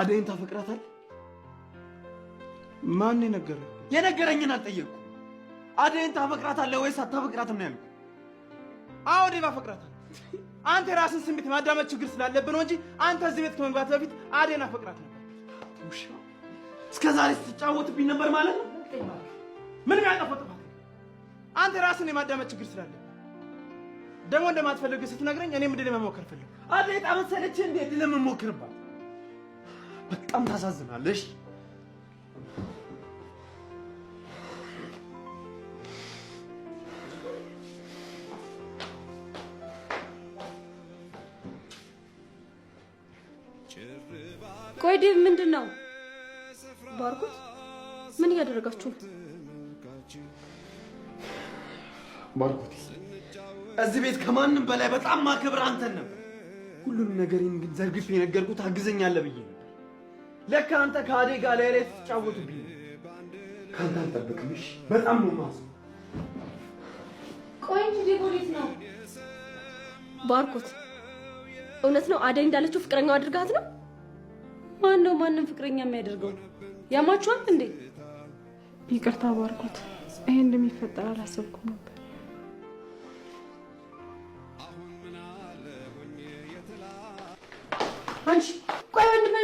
አደይን ታፈቅራታል? ማን የነገረ የነገረኝን አልጠየቅኩ። አደይን ታፈቅራታለህ ወይስ አታፈቅራትም ነው ያልኩህ። አዎ ዴቭ አፈቅራታለሁ። አንተ የራስን ስሜት ማዳመጥ ችግር ስላለብን ነው እንጂ አንተ እዚህ ቤት ከመግባት በፊት አደይን አፈቅራት ነበር። እስከ ዛሬ ስትጫወትብኝ ነበር ማለት ነው። ምንም ያጠፋው ጥፋት አንተ የራስን የማዳመጥ ችግር ስላለብህ ደግሞ እንደማትፈልግ ስትነግረኝ እኔም ምንድን ለመሞከር ፈልግ አደይ ጣመሰለች እንዴ ለመሞከርባት በጣም ታሳዝናለሽ። ቆይ ዴቭ፣ ምንድን ነው ባርኩት? ምን እያደረጋችሁ ባርኩት፣ እዚህ ቤት ከማንም በላይ በጣም ማከብር አንተን ነበር። ሁሉንም ነገሬን ግን ዘርግፌ የነገርኩት አግዘኛለህ ብዬ ለካ አንተ ከአዴ ጋር ላይ ላይ ስትጫወትብኝ ከአንተ አልጠብቅምሽ። በጣም ነው ማዝ ቆይ እንጂ ዲቦሊት ነው ባርኮት፣ እውነት ነው አደይ እንዳለችው ፍቅረኛው አድርጋት ነው? ማን ነው ማንም ፍቅረኛ የሚያደርገው? ያማችኋል እንዴ? ይቅርታ ባርኮት፣ ይሄ እንደሚፈጠር አላሰብኩም ነበር። አንቺ ቆይ ወንድ